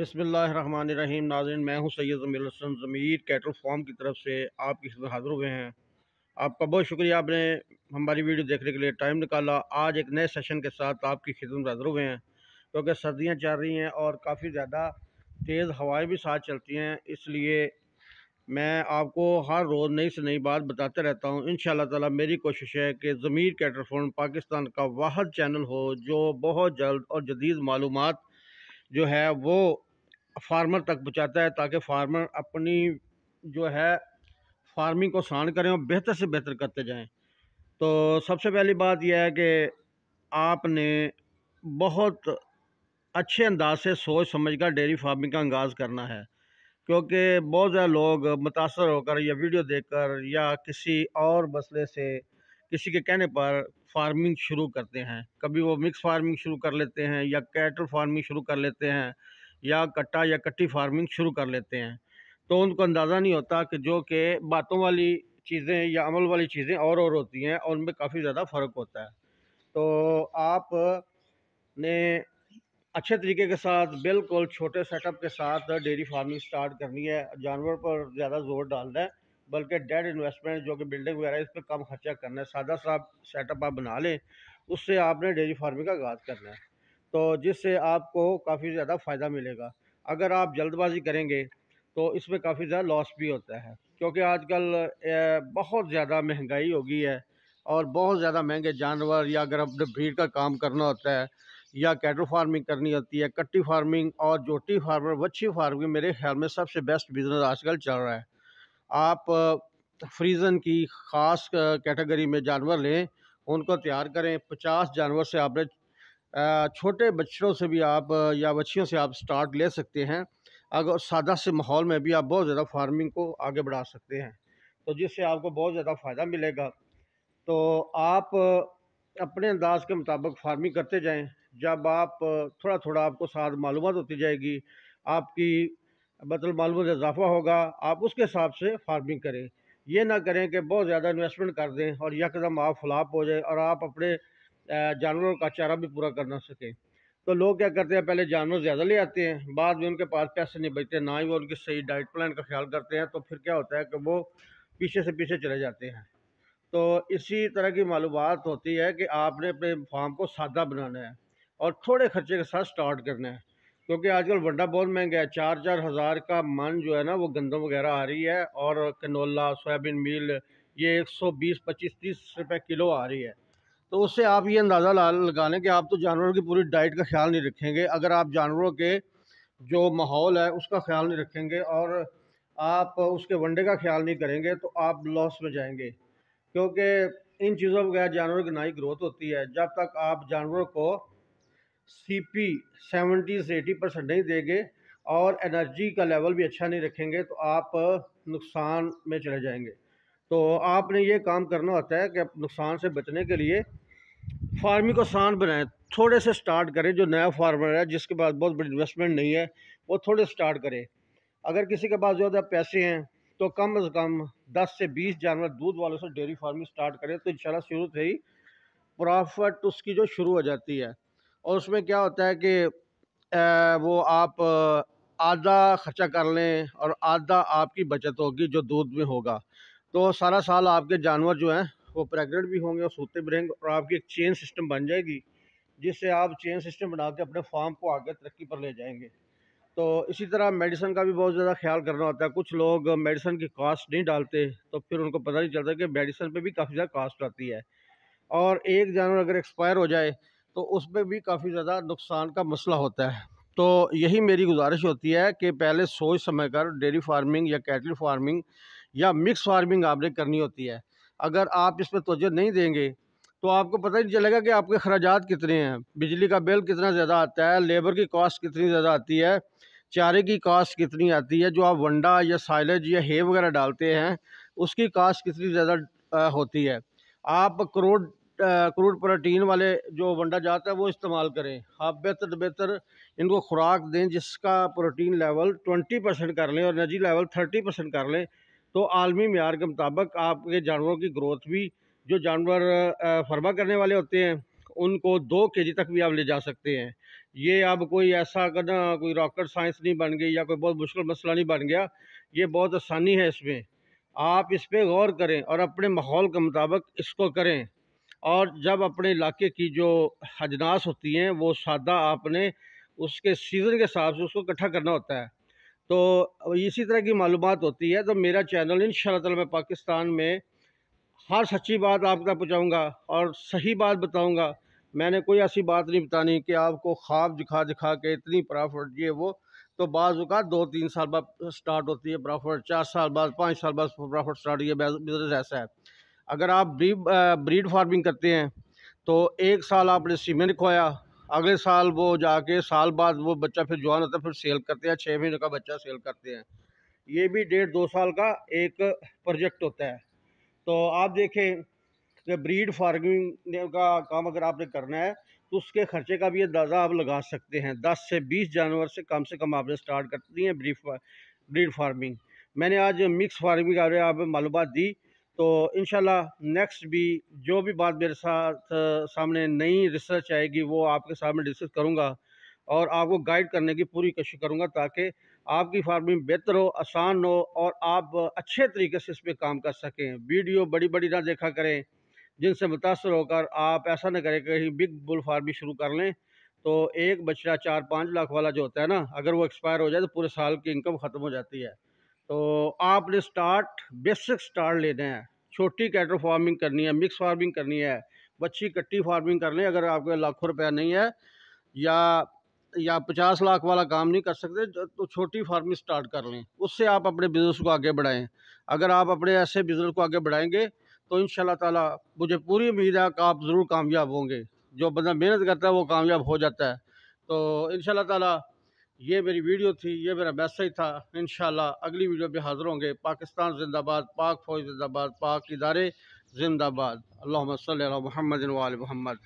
बिसमीम नाजिन मैं हूँ सैयद जमील हसन ज़मीर कैटल फॉर्म की तरफ से आपकी खिदमत हाजिर हुए हैं आपका बहुत शुक्रिया आपने हमारी वीडियो देखने के लिए टाइम निकाला आज एक नए सेशन के साथ आपकी खिदमत हाजिर हुए हैं क्योंकि सर्दियाँ चल रही हैं और काफ़ी ज़्यादा तेज़ हवाएँ भी साथ चलती हैं इसलिए मैं आपको हर रोज़ नई से नई बात बताते रहता हूँ इन शाह मेरी कोशिश है कि ज़मीर कैटल फॉर्म पाकिस्तान का वाहद चैनल हो जो बहुत जल्द और जदीद मालूम जो है वो फार्मर तक पहुँचाता है ताकि फार्मर अपनी जो है फार्मिंग को आसान करें और बेहतर से बेहतर करते जाएं तो सबसे पहली बात यह है कि आपने बहुत अच्छे अंदाज से सोच समझ कर डेयरी फार्मिंग का आगाज़ करना है क्योंकि बहुत ज़्यादा लोग मुतासर होकर या वीडियो देखकर या किसी और मसले से किसी के कहने पर फार्मिंग शुरू करते हैं कभी वो मिक्स फार्मिंग शुरू कर लेते हैं या कैटर फार्मिंग शुरू कर लेते हैं या कट्टा या कट्टी फार्मिंग शुरू कर लेते हैं तो उनको अंदाज़ा नहीं होता कि जो कि बातों वाली चीज़ें या अमल वाली चीज़ें और और होती हैं और उनमें काफ़ी ज़्यादा फ़र्क होता है तो आप ने अच्छे तरीके के साथ बिल्कुल छोटे सेटअप के साथ डेयरी फार्मिंग स्टार्ट करनी है जानवर पर ज़्यादा ज़ोर डालना है बल्कि डेड इन्वेस्टमेंट जो कि बिल्डिंग वगैरह इस पर कम खर्चा करना है सादा सा सेटअप आप बना लें उससे आपने डेयरी फार्मिंग का आगाज़ करना है तो जिससे आपको काफ़ी ज़्यादा फ़ायदा मिलेगा अगर आप जल्दबाजी करेंगे तो इसमें काफ़ी ज़्यादा लॉस भी होता है क्योंकि आजकल बहुत ज़्यादा महंगाई हो गई है और बहुत ज़्यादा महंगे जानवर या अगर अपने भीड़ का काम करना होता है या कैटल फार्मिंग करनी होती है कट्टी फार्मिंग और जोटी फार्मर वच्छी फार्मिंग मेरे ख्याल में सबसे बेस्ट बिज़नेस आजकल चल रहा है आप फ्रीज़न की ख़ास कैटेगरी में जानवर लें उनको तैयार करें पचास जानवर से आपने छोटे बच्चों से भी आप या बच्चियों से आप स्टार्ट ले सकते हैं अगर सादा से माहौल में भी आप बहुत ज़्यादा फार्मिंग को आगे बढ़ा सकते हैं तो जिससे आपको बहुत ज़्यादा फ़ायदा मिलेगा तो आप अपने अंदाज के मुताबिक फार्मिंग करते जाएं जब आप थोड़ा थोड़ा आपको साथ मालूम होती जाएगी आपकी बतल मतलब मालूम इजाफा होगा आप उसके हिसाब से फार्मिंग करें ये ना करें कि बहुत ज़्यादा इन्वेस्टमेंट कर दें और यकदम आप फ्लाप हो जाए और आप अपने जानवरों का चारा भी पूरा कर ना सकें तो लोग क्या करते हैं पहले जानवर ज़्यादा ले आते हैं बाद में उनके पास पैसे नहीं बचते ना ही वो उनकी सही डाइट प्लान का ख्याल करते हैं तो फिर क्या होता है कि वो पीछे से पीछे चले जाते हैं तो इसी तरह की मालूम होती है कि आपने अपने फार्म को सादा बनाना है और थोड़े खर्चे के साथ स्टार्ट करना है क्योंकि आजकल वड्डा बहुत महंगा है चार चार हज़ार का मन जो है ना वो गंदम वगैरह आ रही है और कनोला सोयाबीन मील ये एक सौ बीस पच्चीस तीस रुपये किलो आ रही है तो उससे आप ये अंदाज़ा ला लगा लें कि आप तो जानवरों की पूरी डाइट का ख्याल नहीं रखेंगे अगर आप जानवरों के जो माहौल है उसका ख्याल नहीं रखेंगे और आप उसके वंडे का ख्याल नहीं करेंगे तो आप लॉस में जाएंगे क्योंकि इन चीज़ों के जानवरों की ना ही ग्रोथ होती है जब तक आप जानवरों को सीपी 70 से 80 परसेंट नहीं देंगे और एनर्जी का लेवल भी अच्छा नहीं रखेंगे तो आप नुकसान में चले जाएंगे तो आपने ये काम करना होता है कि नुकसान से बचने के लिए फार्मिंग को आसान बनाएं थोड़े से स्टार्ट करें जो नया फार्मर है जिसके पास बहुत बड़ी इन्वेस्टमेंट नहीं है वो थोड़े स्टार्ट करें अगर किसी के पास ज़्यादा पैसे हैं तो कम अज़ कम दस से बीस जानवर दूध वालों से डेयरी फार्मिंग स्टार्ट करें तो इंशाल्लाह शुरू से ही प्रॉफिट उसकी जो शुरू हो जाती है और उसमें क्या होता है कि वो आप आधा खर्चा कर लें और आधा आपकी बचत होगी जो दूध में होगा तो सारा साल आपके जानवर जो हैं वो प्रेगनेंट भी होंगे और सूते भी रहेंगे और आपकी एक चेन सिस्टम बन जाएगी जिससे आप चेन सिस्टम बना के अपने फार्म को आगे तरक्की पर ले जाएंगे तो इसी तरह मेडिसन का भी बहुत ज़्यादा ख्याल करना होता है कुछ लोग मेडिसन की कास्ट नहीं डालते तो फिर उनको पता नहीं चलता कि मेडिसन पे भी काफ़ी ज़्यादा कास्ट आती है और एक जानवर अगर एक्सपायर हो जाए तो उसमें भी काफ़ी ज़्यादा नुकसान का मसला होता है तो यही मेरी गुजारिश होती है कि पहले सोच समझ कर डेयरी फार्मिंग या कैटल फार्मिंग या मिक्स फार्मिंग आपने करनी होती है अगर आप इस पर तोजह नहीं देंगे तो आपको पता ही नहीं चलेगा कि आपके अखराजात कितने हैं बिजली का बिल कितना ज़्यादा आता है लेबर की कॉस्ट कितनी ज़्यादा आती है चारे की कास्ट कितनी आती है जो आप वंडा या साइलेज या हे वगैरह डालते हैं उसकी कास्ट कितनी ज़्यादा होती है आप करोड़ क्रूड प्रोटीन वाले जो वंडा जाता है वो इस्तेमाल करें आप बेहतर से बेहतर इनको खुराक दें जिसका प्रोटीन लेवल ट्वेंटी परसेंट कर लें और एनर्जी लेवल थर्टी परसेंट कर लें तो आलमी मैार के मुताबिक आपके जानवरों की ग्रोथ भी जो जानवर फरमा करने वाले होते हैं उनको दो के जी तक भी आप ले जा सकते हैं ये अब कोई ऐसा करना कोई रॉकेट साइंस नहीं बन गई या कोई बहुत मुश्किल मसला नहीं बन गया ये बहुत आसानी है इसमें आप इस पर गौर करें और अपने माहौल के मुताबिक इसको करें और जब अपने इलाके की जो अजनास होती हैं वो सादा आपने उसके सीज़न के हिसाब से उसको इकट्ठा करना होता है तो इसी तरह की मालूम होती है तो मेरा चैनल इन शाला मैं पाकिस्तान में हर सच्ची बात आप तक पहुँचाऊँगा और सही बात बताऊँगा मैंने कोई ऐसी बात नहीं बतानी कि आपको ख्वाब दिखा दिखा के इतनी प्रॉफिट ये वो तो बाज़ात दो तीन साल बाद स्टार्ट होती है प्रॉफिट चार साल बाद पाँच साल बाद प्रॉफिट स्टार्ट ये बिज़नेस ऐसा है अगर आप ब्री ब्रीड फार्मिंग करते हैं तो एक साल आपने सीमेंट रखवाया अगले साल वो जाके साल बाद वो बच्चा फिर जवान होता है फिर सेल करते हैं छः महीने का बच्चा सेल करते हैं ये भी डेढ़ दो साल का एक प्रोजेक्ट होता है तो आप देखें कि ब्रीड फार्मिंग का काम अगर आपने करना है तो उसके खर्चे का भी अंदाज़ा आप लगा सकते हैं दस से बीस जानवर से कम से कम आपने स्टार्ट कर दी ब्रीड ब्रीड फार्मिंग मैंने आज मिक्स फार्मिंग आप मालूम दी तो इन नेक्स्ट भी जो भी बात मेरे साथ सामने नई रिसर्च आएगी वो आपके सामने डिस्कस करूँगा और आपको गाइड करने की पूरी कोशिश करूँगा ताकि आपकी फार्मिंग बेहतर हो आसान हो और आप अच्छे तरीके से इस पर काम कर सकें वीडियो बड़ी बड़ी ना देखा करें जिनसे मुतासर होकर आप ऐसा ना करें कहीं बिग बुल फार्मिंग शुरू कर लें तो एक बछड़ा चार पाँच लाख वाला जो होता है ना अगर वो एक्सपायर हो जाए तो पूरे साल की इनकम ख़त्म हो जाती है तो आपने स्टार्ट बेसिक स्टार्ट लेना है छोटी कैटर फार्मिंग करनी है मिक्स फार्मिंग करनी है बच्ची कट्टी फार्मिंग कर लें अगर आपके लाखों रुपया नहीं है या या पचास लाख वाला काम नहीं कर सकते तो, तो छोटी फार्मिंग स्टार्ट कर लें उससे आप अपने बिज़नेस को आगे बढ़ाएं अगर आप अपने ऐसे बिज़नेस को आगे बढ़ाएंगे तो इन ताला मुझे पूरी उम्मीद है कि आप ज़रूर कामयाब होंगे जो बंदा मेहनत करता है वो कामयाब हो जाता है तो इन ताला ये मेरी वीडियो थी ये मेरा मैसेज था इन अगली वीडियो में हाज़िर होंगे पाकिस्तान जिंदाबाद पाक फौज जिंदाबाद पाक इदारे जिंदाबाद अल्लाह महमद वाल महमद